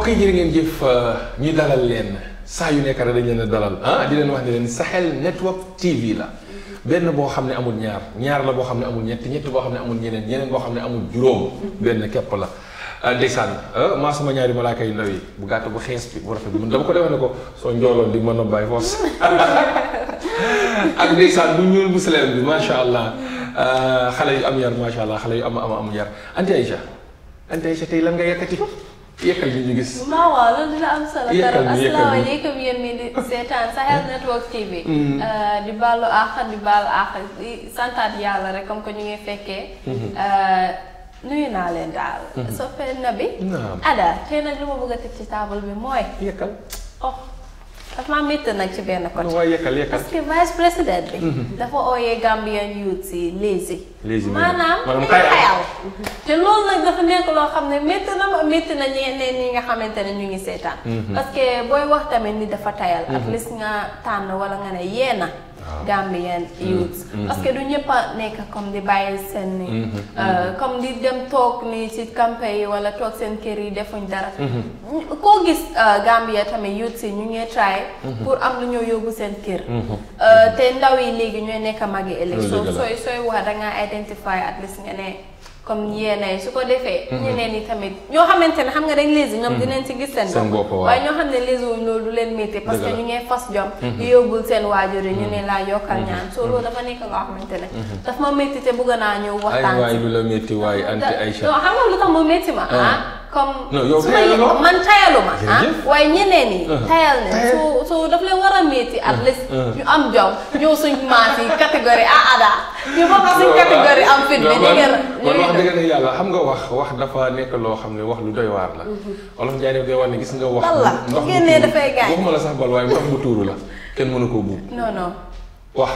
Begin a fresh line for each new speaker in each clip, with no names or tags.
mbokk yi jërë ngeen jëf euh, ñu dalal leen saa yu nekk rek leen a dalal ah di leen wax ne leen Sahel Network TV la benn boo xam ne amul ñaar ñaar la boo xam ne amul ñett ñett boo xam ne amul ñeneen ñeneen boo xam ne amul juróom benn képp la ah, ndeysaan ah, maa sama ñaari malaaka yu ndaw yi bu gàtt bu xees bi bu rafet bi mun dama ko defee ne ko soo njooloon di mën a bàyyi foos ak ndeysaan bu ñuul bu bi macha allah ah, xale yu am yar macha allah xale yu am am am yar Anta Aïcha Anta yëkkal ñu ñu gis.
waaw waaw loolu dina am solo. yëkkal ñu yëkkal ñu asalaamaaleykum di seetaan Sahel hmm. Network TV. Hmm. Euh, di baalu àq di baalu àq santaat yàlla rek comme que ñu ngi fekkee. Hmm. Euh, nuyu naa leen daal. soppee na bi. naam Ada tey nag lu ma bëgg a teg ci table bi mooy. yëkkal oh. dafa maa métti nag ci benn côté. waaw
yekkal parce que
vice président bi. dafa ooyee Gambian youth yi lazy.
lazy maanaam xayal
te loolu nag dafa nekk loo xam ne métti na ma métti na ñeneen ñi nga xamante ne ñu ngi seetaan. Mhm. parce booy wax tamit ni dafa tayal. at mhm. least nga tànn wala nga ne yee na. Gambien mm-hmm. youths mm-hmm. parce que du ñëpp nekk comme di bàyyi seen ni mm-hmm. euh, comme di dem toog ni ci campagne yi wala toog seen kër yi defuñ dara koo gis euh, Gambia tamit youths yi ñu ngee try pour am lu ñoo yóbbu seen kër euh, te ndaw yi léegi ñooy nekk magi ëllëg soo sooy sooy wax dangaa identify at least nga ne comme yéenay su ko defee. Mhm. ñeneen ñi tamit ñoo xamante ne xam nga dañ léegi ñoom mhm. dinañ ci gis seen. seen bopp waaye ñoo xam ne léegi wuñ loolu du leen métti. parce que ñu ngee fas jom. Mhm. di yóbbul seen waajur yi ñu ne laa yokkal ñaan. soo loolu dafa nekk loo xamante te bëgg naa ñëw waxtaan. ay waay
lu la métti waay anti Aïcha.
non lu tax mu métti ma ah. ah? comme yow man tayalu ah? waaye ñeneen yi uh-huh. tayal ne su su daf leen war a métti at uh-huh. least uh-huh. ñu am jom ñëw suñ maas yi catégorie a ada ñu bokk suñ catégorie am fit bi ñu ngeen
man nga wax wax dafa nekk loo xam ne wax lu doy waar la mhm. olof Njaay ne doy waar ne gis nga wax ndox génnee
dafay gaañ waxuma
la sax bal waaye ndox bu tuuru la kenn mënu ko buub non non wax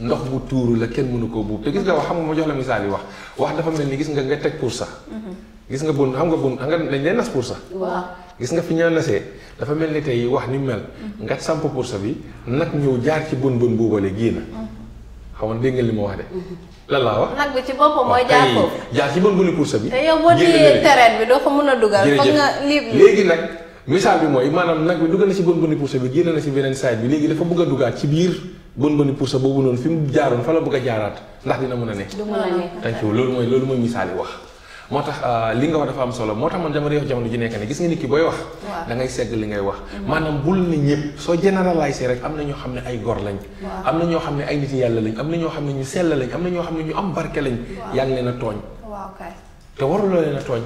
ndox bu tuuru la kenn mënu koo buub te gis nga wax xam nga ma jox la misaal wax wax dafa mel ni gis nga nga teg pour sax mhm. gis nga bun xam nga bun nga lañ lay nas pour ça waaw gis nga fi ñoo nasee dafa melni tay wax ni mel mm-hmm. nga samp pour ça bi nak ñëw jaar ci bun bun buubale gii na
mm-hmm.
xamoon dégg nga li ma wax de la mm-hmm. la wax
nak bi ci boppam moy jaar ko
jaar ci bun buni pour ça bi te yow bo di terrain
bi do fa mëna duggal fa nga libre
légui nak misal bi moy manam nak bi duggal na ci bun buni pour ça bi génn na ci benen side bi légui dafa bëgg duggal ci biir bun buni pour ça bobu non fi jaaroon fa la bëgg jaaraat ndax dina mëna a du thank you loolu mooy loolu mooy wax motax euh, li nga wax dafa am solo motax man jamono yoo jamono ji nek ni gis nga nit ki booy wax da ngay segg li ngay wax manam mm-hmm. bul ni ñepp so généraliser rek amna na ñoo xam ay gor lañ amna na ñoo xam ay nit yalla lañ amna na ñoo xam ñu sel lañ amna na ñoo dia ñu am barke lañ yaa leena togn te waru lo leena togn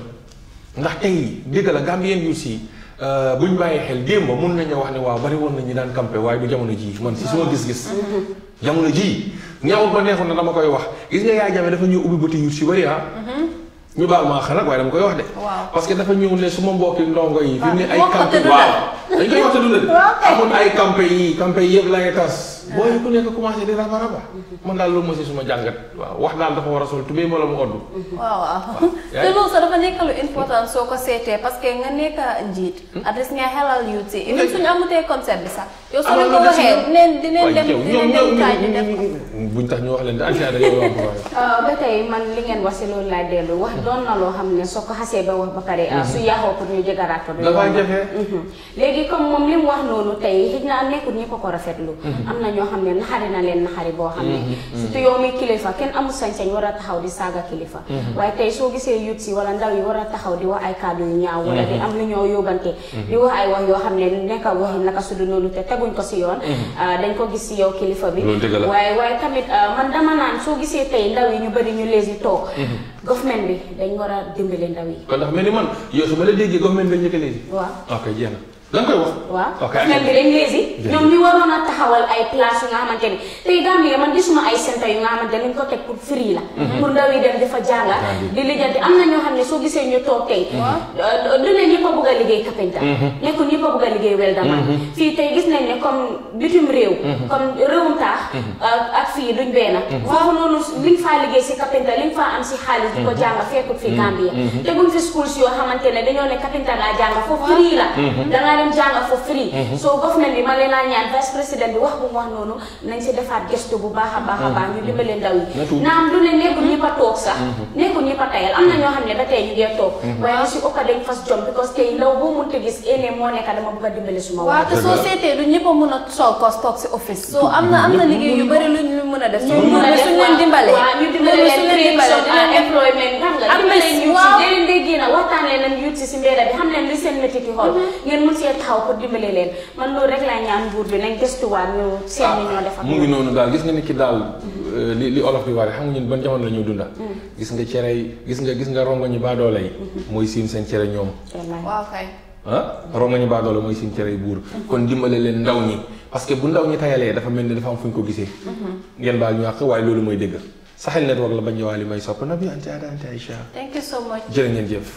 ndax la Gambien yu euh buñ baye xel demba mun nañu wax ni waaw bari won nañu daan campé way du jamono ji man ci suma gis-gis mm-hmm. jamono ji ñaawul ba neexu na dama koy wax gis nga yaay jame dafa bëti yu ci bari ha. Ah. Mm-hmm. ñu baal ma xel nag waaye dama koy wax parce que dafa ñëw ne su ma mbokki ndongo yi. fi mu ne ay campé waaw
koy wax te ay
campé yi campé yi yëpp la ngay tas boy yi ku nekk commencé di rafa rafa man dal lo ma suma jangat waaw wax dal dafa wara sol tubéy wala oddu waaw waaw te lo
sa dafa nek lu important soo ko seetee parce que nga nek njit at nga xelal yu si même suñu amutee concept bi sax yow soo leen ko waxee dineen dineen dem dineen dem kaay ñu
def buñ tax ñu wax leen di ansia da yow
ba tay man li ngeen wax ci lo la dellu wax don na lo xamné ne soo ko xasee ba wax ba pare eh, hmm. su yaaxoo mhm. pour ñu jëgaraat ko dafa jafe légui comme mom lim wax nonu tay xëj na ñi ko ko rafetlu hmm. am nañu ñoo xam ne naxari na leen naxari boo xam ne mm-hmm, mm-hmm. surtout yow muy kilifa kenn amul sañ-sañ war a taxaw di saaga kilifa mm-hmm. waaye tey soo gisee yut si wala ndaw yi war a taxaw di wax ay kàddu yu ñaaw am lu ñoo yóbbante di ay wax yoo xam ne nekka waxi naka sudu noonu te teguñ ko si yoon ah, dañ ko gis si yow kilifa bi waaye waaye tamit ah, man dama naan soo gisee tey ndaw yi ñu bëri ñu lees yi toog government bi dañ war a dimbale ndaw yi
kon ndax mel ni man yow su ma la déggee government bi ñu ko lees yi waaw lan koy wax.
waaw ok dañ leen léegi ñoom ñu waroon a taxawal ay place yu nga xamante ni tey Gambie man gisuma ay centre yu nga xamante ni dañ ko teg pour free la. Mhm. Mhm. a bëgg a liggéey kapinta. Mhm. nekkul a bëgg a liggéey welda foofu noonu li faa liggéey si kapinta li nga faa am si xaalis di ko jànga fekkut fi Gambie. te buñ fi schools yoo xamante ne dañoo ne kapinta ngaa jànga foofu free la leen jàngal for free mhm. so government bi ma leen laa ñaan vice président bi wax bu mu wax noonu nañ si defaat gëstu bu baax a baax a baax mhm. ñu dimbale ndaw yi naam du ne nekkul ñi toog sax mhm. nekkul ñi tayal am na ñoo xam ne ba tey ñu ngee toog waaye si ëpp dañ fas jom because tey ndaw boo mun te gis éene moo nekk dama bëgg a dimbale suma waaw te société du ñëpp a mun a soog kos toog si office so am na am na liggéey yu bëri luñ
lu mën a def suñ leen dimbalee xam
leen li seen métti ci xool mm-hmm. leen man loolu rek bi nañ gëstuwaat ñu seen ni ñoo defar ah, mu ngi noonu
daal gis nga ni ki daal mm-hmm. euh, li li olof bi xam nga ñun ban jamono la ñuy mm-hmm. gis nga cere yi gis nga gis nga rongo ñu baadoole yi mooy siin seen cere ñoom waaw kay ah rongo ñu baadoole mooy siin cere yi buur kon dimbale leen ndaw ñi parce que bu ndaw ñi tayalee dafa mel ni dafa am fu ñu ko gisee ngeen baal ñu àq waaye loolu mooy dëgg Sahel Network la bañ ñëwaale may sopp na bi anta anta Aïcha. thank you so much ngeen jëf.